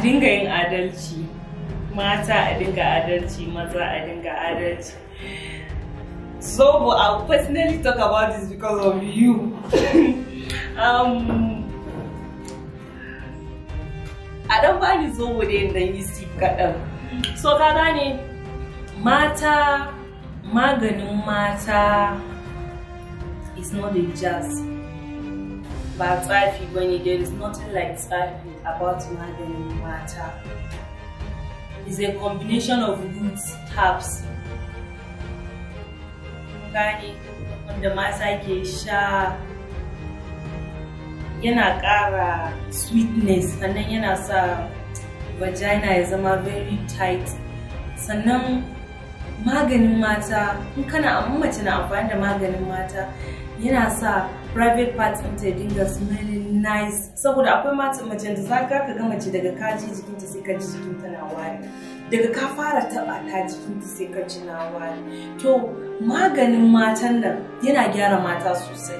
a dinga yin adalci mata a dinga adalci maza a dinga adalci so but i'll personally talk about this because of you um a dan bani zobo da dan yi sip kaɗan so ka gane mata maganin mata is not a jazz ba tsafi ba ne there is nothing like feet about maganin matter. It's a combination of roots herbs gane wanda mata ke sha yana ƙara sweetness sannan yana sa vagina ya a very tight So now maganin mata in kana mace na amfani da maganin mata yana sa private parts in ta dinga smelling nice saboda akwai mata mace da za ka ga mace daga kaji ta sai ka ji jikin tana wari daga ka fara taɓa ta jikin ta sai ka ji na wari to maganin matan nan yana gyara mata sosai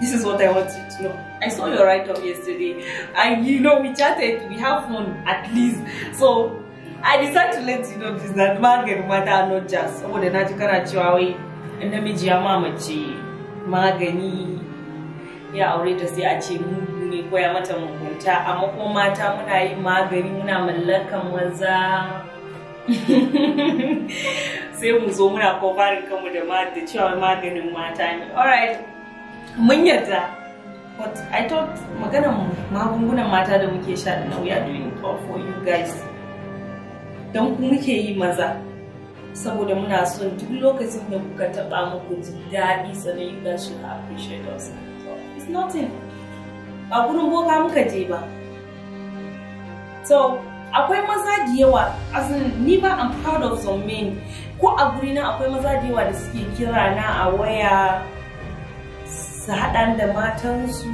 this is what I want you to know. I saw your write-up yesterday and you know we chatted, we have fun at least. So I decided to let you know this that maganin mata matter not just. Saboda na ji kana cewa wai namiji ya mamace magani ya aure ta sai a ce mugu ne ko ya mata mugunta amma ko mata muna yin magani muna mallakan maza sai mu zo muna kofarin kanmu da da cewa maganin mata ne alright mun yarda but i thought maganan magungunan mata da muke sha da nauya doing for you guys don ku muke yi maza saboda muna son duk lokacin da kuka taɓa muku ji daɗi sannan you shi should appreciate us. So, it's nothing. Ba gurin boka muka je ba. So, akwai maza da yawa, asin ni ba I'm proud of some men. Ko a guri na akwai maza da yawa da suke kira na a waya su haɗa da matansu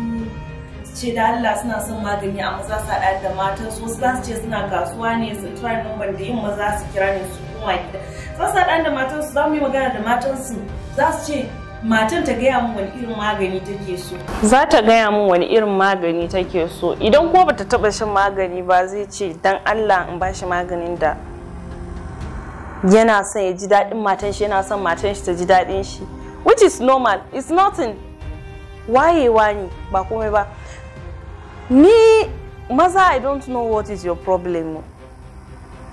ce da Allah suna son magani amma za su haɗa da matan su wasu za su ce suna kasuwa ne su tura numbar da yin maza su kira ne su koma gida za su haɗa da matan su za mu yi magana da matan su za su ce matan ta gaya min wani irin magani take so za ta gaya min wani irin magani take so idan ko bata taba shan magani ba zai ce dan Allah in bashi maganin da yana son ya ji daɗin matan shi yana son matan shi ta ji daɗin shi which is normal it's nothing wayewa ne ba komai ba ni maza i don't know what is your problem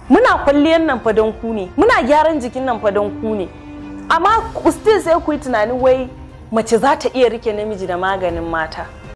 muna kwalliyar nan fa don ku ne muna gyaran jikin nan fa don ku ne amma still sai ku yi tunanin wai mace za ta iya rike namiji da maganin mata